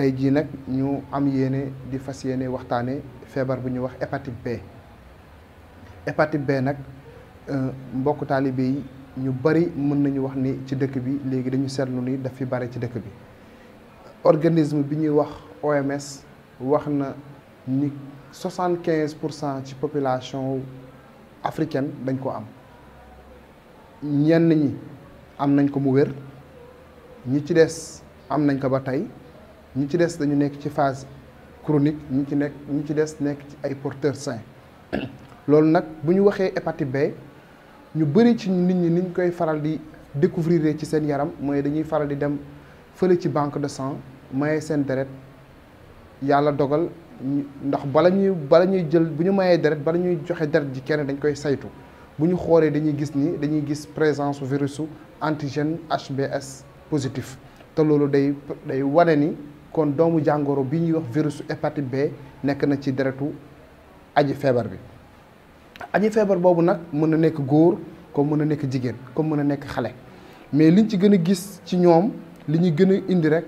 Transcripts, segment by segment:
tey jii nag ñu am yéene di fas yéene waxtaane feebar bu ñuy wax hépatite B hépatite B nag euh, mbokk taalibe yi ñu bari mën nañu wax ni ci dëkk bi léegi dañu seetlu ni daf fi bare ci dëkk bi organisme bi ñuy wax OMS wax na ni soixante quinze pour cent ci population africaine dañ ko am ñenn ñi am nañ ko mu wér ñi ci des am nañ ko ba tey ñi ci des dañu nekk ci phase chronique ñi ci nekk ñi ci des nekk ci ay porteurs sains loolu nag bu ñu waxee hépatite B ñu bëri ci nit ñi niñ koy faral di découvrir ci seen yaram mooy dañuy faral di dem fële ci banque de sang maye seen deret yàlla dogal ndax bala ñuy bala ñuy jël bu ñu mayee deret bala ñuy joxe deret ji kenn dañ koy saytu bu ñu xoolee dañuy gis ni dañuy gis présence virusu antigène HBs positif te loolu day day wane ni. kon doomu jàngoro bi ñuy wax virus hépatite B nekk na ci deretu aji feebar bi aji feebar boobu nag mën na nekk góor comme mën na nekk jigéen comme mën na nekk xale mais liñ ci gën a gis ci ñoom li ñuy gën a indi rek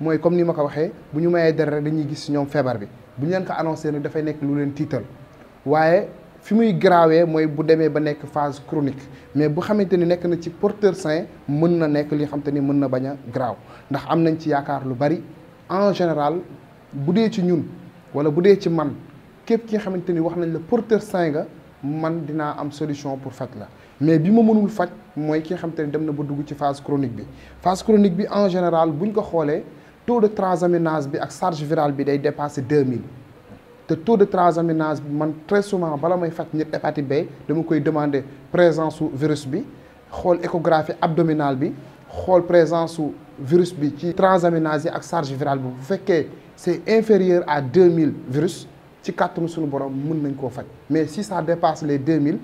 mooy comme ni ma ko waxee bu ñu mayee deret dañuy gis ci ñoom feebar bi bu ñu leen ko annoncé ne dafay nekk lu leen tiital waaye fi muy grawee mooy bu demee ba nekk phase chronique mais bu xamante ni nekk na ci porteur sain mën na nekk li xam te ni mën na bañ a graw ndax am nañ ci yaakaar lu bari en général si ci ñun wala boudé ci man képp ki xamanteni wax nañ le porteur sain nga man dina am solution pour fat la mais bi ma mënul fat moy ki xamanteni dem na ba dugg ci phase chronique bi phase chronique bi en général buñ ko xolé, taux de transaminase bi ak charge virale bi day dépasser 2000 te taux de transaminase man très souvent bala may fais nit hépatite B dama koy demander présence du virus bi échographie abdominale la présence du virus bi ci transaminase ak charge virale Vous bu que c'est inférieur à 2000 virus ci kàttanu suñu borom mën nañ koo faj mais si ça dépasse les 2000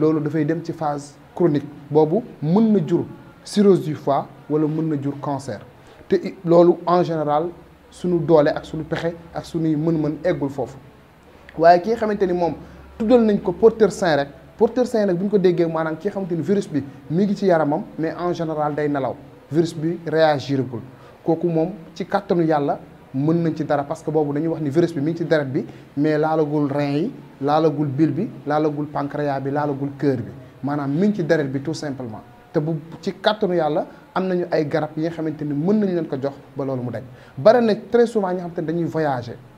loolu dafay dem ci phase chronique boobu mën na jur cirrhose du foie wala mën na jur cancer te en général suñu doole ak suñu pexe ak suñuy mën-mën eggul foofu waaye ki nga xamante ni moom tuddal nañ ko porteur sain rek porteur sain rek bu ñu ko déggee maanaam ki nga xamante ni virus bi mi ngi ci yaramam mais en général day nelaw virus bi réagiragul kooku moom ci kàttanu yàlla mën nañ ci dara parce que boobu dañuy wax ni virus bi mi ngi ci deret bi mais laalagul rein yi laalagul bile bi laalagul pancréas bi laalagul cœur bi maanaam mi ci deret bi tout simplement te bu ci kàttanu yàlla am nañu ay garab yi nga xamante ni mën nañu leen ko jox ba loolu mu dañ bare na très souvent ñi xam xamante ni dañuy voyager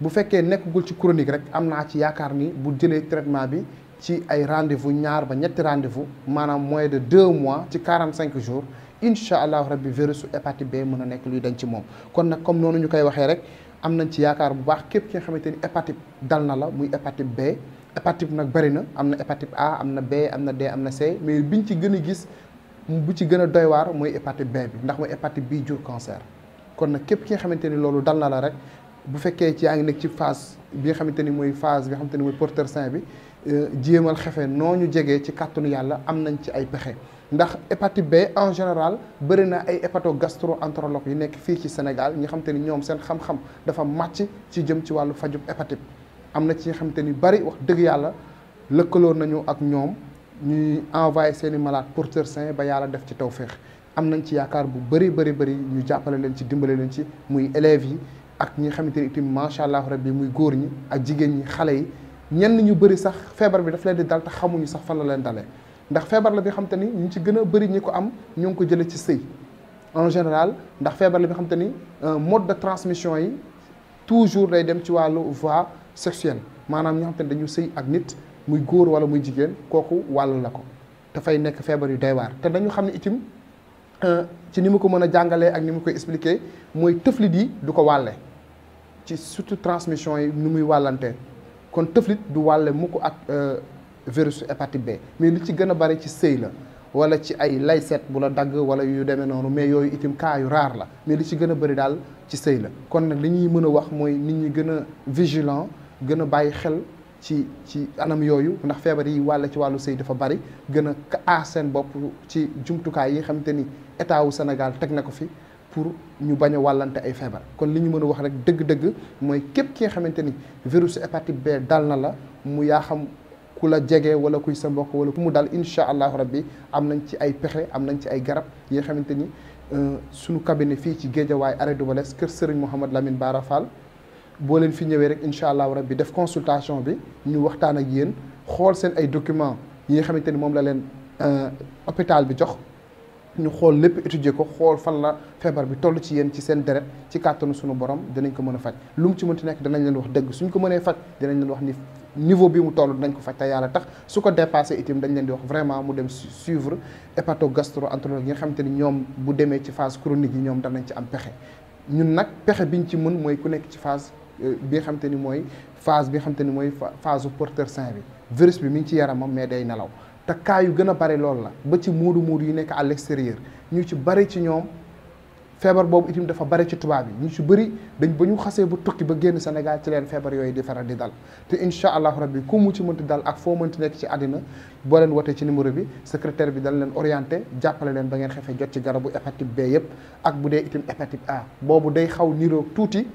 bu fekkee nekkagul ci chronique rek amna ci yakar ni bu jëlé traitement bi ci ay rendez-vous ñaar ba ñetti rendez-vous manam moins de 2 mois ci 45 jours inshallah allahu rabbi virus su hépatite B mën nek luy dañ ci mom kon nak comme nonu ñukay waxé rek amna ci yakar bu baax képp ki nga xamante ni hépatite dal la muy hépatite B hépatite nak bari na amna na hépatite A amna B amna D amna C mais biñ ci gëna gis bu ci gëna doy war mooy hépatite B bi ndax mooy hépatite bi jur cancer kon nak képp ki nga xamante ni loolu la rek bu fekke ci yaa ngi nekk ci phase bi nga xamante ni phase bi nga xamante ni porteur saint bi jiemal xefe noñu jégué ci kàttanu yàlla am nañ ci ay pexe ndax hépatite B en général bëri na ay hépato gastro-entérologue yi nek fi ci Sénégal ñi xamanteni ñom ni seen xam-xam dafa match ci jëm ci walu fajub hépatite am na ci xamanteni bari wax dëgg yàlla lëkkaloo nañu ak ñom ñuy envoyer seen malade porteur saint ba yàlla def ci tawfiq am nañ ci yaakar bu bari bari bari ñu jàppale leen ci dimbale leen ci muy élève yi ak ñi nga xamante ni itam macha allah rabbi muy góor ñi ak jigéen ñi xale yi ñenn ñu bëri sax feebar bi daf leen di dal xamuñu sax fan leen dalee ndax feebar bi xam ni ñu ci gën a bëri ko am ñoo ngi ko jëlee ci sëy en général ndax feebar la bi xam te ni euh, mode de transmission yi toujours day dem ci wàllu voie sexuelle maanaam ñi dañu sëy ak nit muy góor wala muy jigéen kooku wàll la ko dafay nekk feebar yu doy waar te dañu xam ne itam euh, ci ni ma ko mën a jàngalee ak ni ma koy expliquer mooy tëflit yi du ko wàlle ci surtout transmission yi nu muy Quand kon tëflit du wàlle mukk ak euh, virus hépatite B mais li ci gën a bari ci voilà la wala ci ay layset bu la dagg wala yu demee noonu mais yooyu itam cas yu raar la mais li ci gën bari ci la kon wax nit vigilant gën baye bàyyi xel ci ci anam yoyu ndax feebar yi wàll ci wàllu sëy dafa bari gëna a aar bop ci jumtu jumtukaay yi xamanteni état wu Sénégal tek nako fi pour ñu qui a ay fièvre kon li ñu mëna wax rek qui deug qui képp virus hépatite B dal mu ya xam kula qui wala kuy sa mbokk wala dal inshallah rabbi am ci ay pexé am nañ ci ay garab yi xamanteni euh suñu cabinet fi ci arrêt Lamine leen fi consultation bi ñu waxtaan ak seen documents yi xamanteni mom la euh, ñu xool lépp étudier ko xool fan la feebar bi toll ci yéen ci seen deret ci kàttanu suñu borom dinañ ko mën a faj lu mu ci mënti nekk danañ leen wax dëgg suñ ko mënee faj dinañ leen wax ni niveau bi mu toll dinañ ko faj te yàlla tax su ko dépassé itam dañ leen di wax vraiment mu dem suivre hépatogastro-entérologue yi nga xamante ni ñoom bu demee ci phase chronique yi ñoom danañ ci am pexe ñun nag pexe bi ñu ci mën mooy ku nekk ci phase euh, bi nga xamante ni mooy phase bi nga xamante ni mooy phase porteur sain bi virus bi mi ngi ci yaramam mais day nelaw te yu gën a bari loolu la ba ci muudu muudu yi nekk à l'extérieur ñu ci bari ci ñoom feebar boobu itam dafa bari ci tubaab yi ñu ci bëri dañ ba ñu xasee bu tukki ba génn Sénégal ci leen feebar yooyu di faral di dal te incha allahu rabbi ku mu ci mënti dal ak foo mënti nekk ci àddina boo leen wootee ci numéro bi secrétaire bi dana leen orienté jàppale leen ba ngeen xefee jot ci garabu hépatite B yépp ak bu dee itam hépatite A boobu day xaw niroog tuuti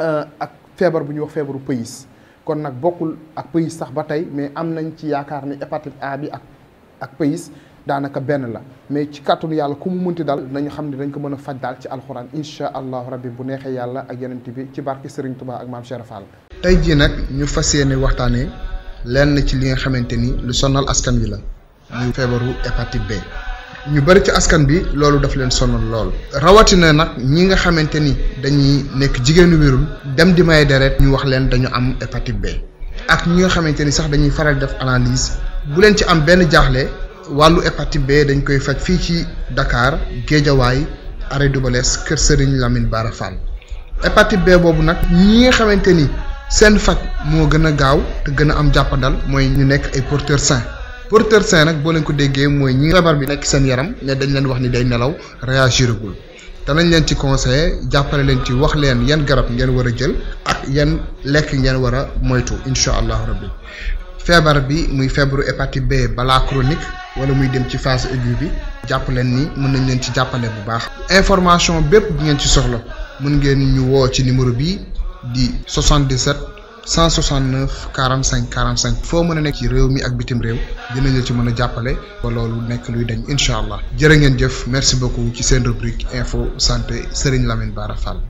euh, ak feebar bu ñuy wax feebaru pays kon nak bokul ak pays sax ba tay mais am nañ ci yaakar ni hépatite A bi ak ak pays danaka ben la mais ci katul yàlla kumu munti dal nañu xam ne dañ ko mën a faj daal ci alcorane insha allah rabbi bu nexe yàlla ak yonent bi ci barki Serigne Touba ak mam Cheikh Fall. tay ji nak ñu fassiyene waxtane lenn ci li nga xamanteni lu sonal askan wi la. ñu febaru hépatite B. ñu bari ci askan bi loolu daf leen sonal lool rawatina nag ñi nga xamante ni dañuy nekk jigéenu wérul dem di may deret ñu wax leen dañu am hépatite ak ñi nga xamante ni sax dañuy faral def analyse bu leen ci am benn jaaxle wàllu hépatite dañ koy faj fii ci dakaar Géejawaay arrêt du Balès Kër Serigne Lamine Bara Fall hépatite B boobu nag ñi nga xamante ni seen faj moo gën a gaaw te gën a am jàppandal mooy ñu nekk ay porteurs sains. porteur sain nag boo leen ko déggee mooy ñi feebar bi nekk seen yaram ne dañ leen wax ni day nelaw te danañ leen ci conseillé jàppale leen ci wax leen yan garab ngeen war a jël ak yan lekk ngeen war a moytu incha allahu rabbi feebar bi muy feebaru hépatite B balaa chronique wala muy dem ci phase aiguë bi jàpp leen ni mën nañ leen ci jàppale bu baax. information bépp bu ngeen ci soxla mun ngeen ñu woo ci numéro bi di 77. 169 45 45 foo mën a nekk ci réew mi ak bitim réew dinañ la ci mën a jàppale ba loolu nekk luy dañ incha allah jërë ngeen jëf merci beaucoup ci seen rubrique info santé Serigne Lamine Bara Fall